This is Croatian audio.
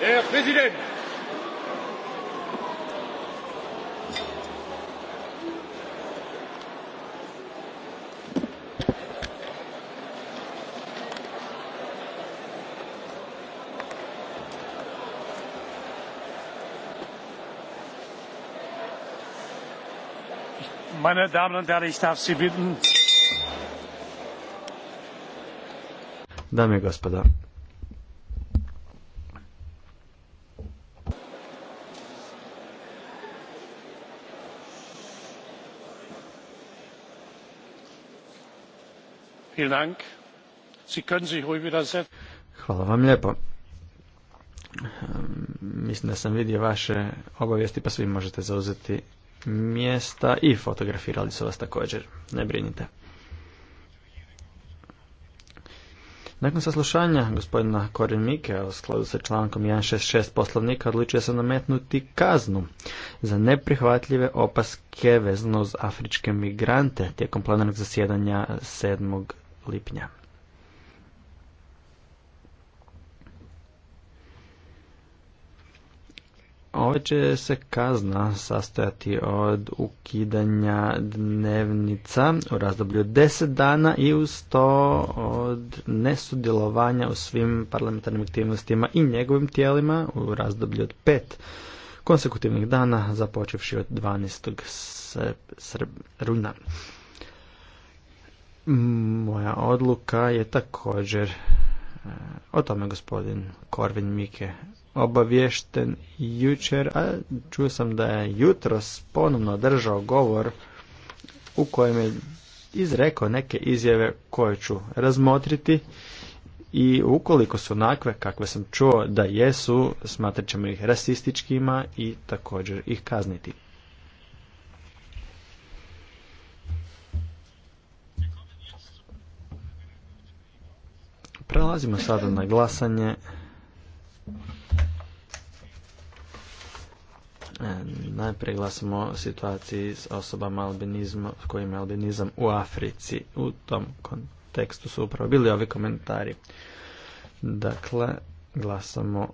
Herr Präsident! Meine Damen und Herren, ich darf Sie bitten. Dame i gospoda, Hvala vam lijepo. Ehm, mislim da sam vidio vaše obavijesti pa svi možete zauzeti mjesta i fotografirali su vas također. Ne brinite. Nakon saslušanja gospodina Korin Mike u skladu sa člankom 166 poslovnika odlučio se nametnuti kaznu za neprihvatljive opaske vezano uz afričke migrante tijekom plenarnog zasjedanja 7 lipnja. Ove će se kazna sastojati od ukidanja dnevnica u razdoblju 10 dana i uz to od nesudjelovanja u svim parlamentarnim aktivnostima i njegovim tijelima u razdoblju od 5 konsekutivnih dana započevši od 12. rujna. Moja odluka je također e, o tome gospodin Korvin Mike obavješten jučer, a čuo sam da je jutros ponovno držao govor u kojem je izrekao neke izjave koje ću razmotriti i ukoliko su onakve kakve sam čuo da jesu, smatrat ćemo ih rasističkima i također ih kazniti. Prelazimo sada na glasanje. E, najprije glasamo o situaciji s osobama albinizma, kojima je albinizam u Africi. U tom kontekstu su upravo bili ovi komentari. Dakle, glasamo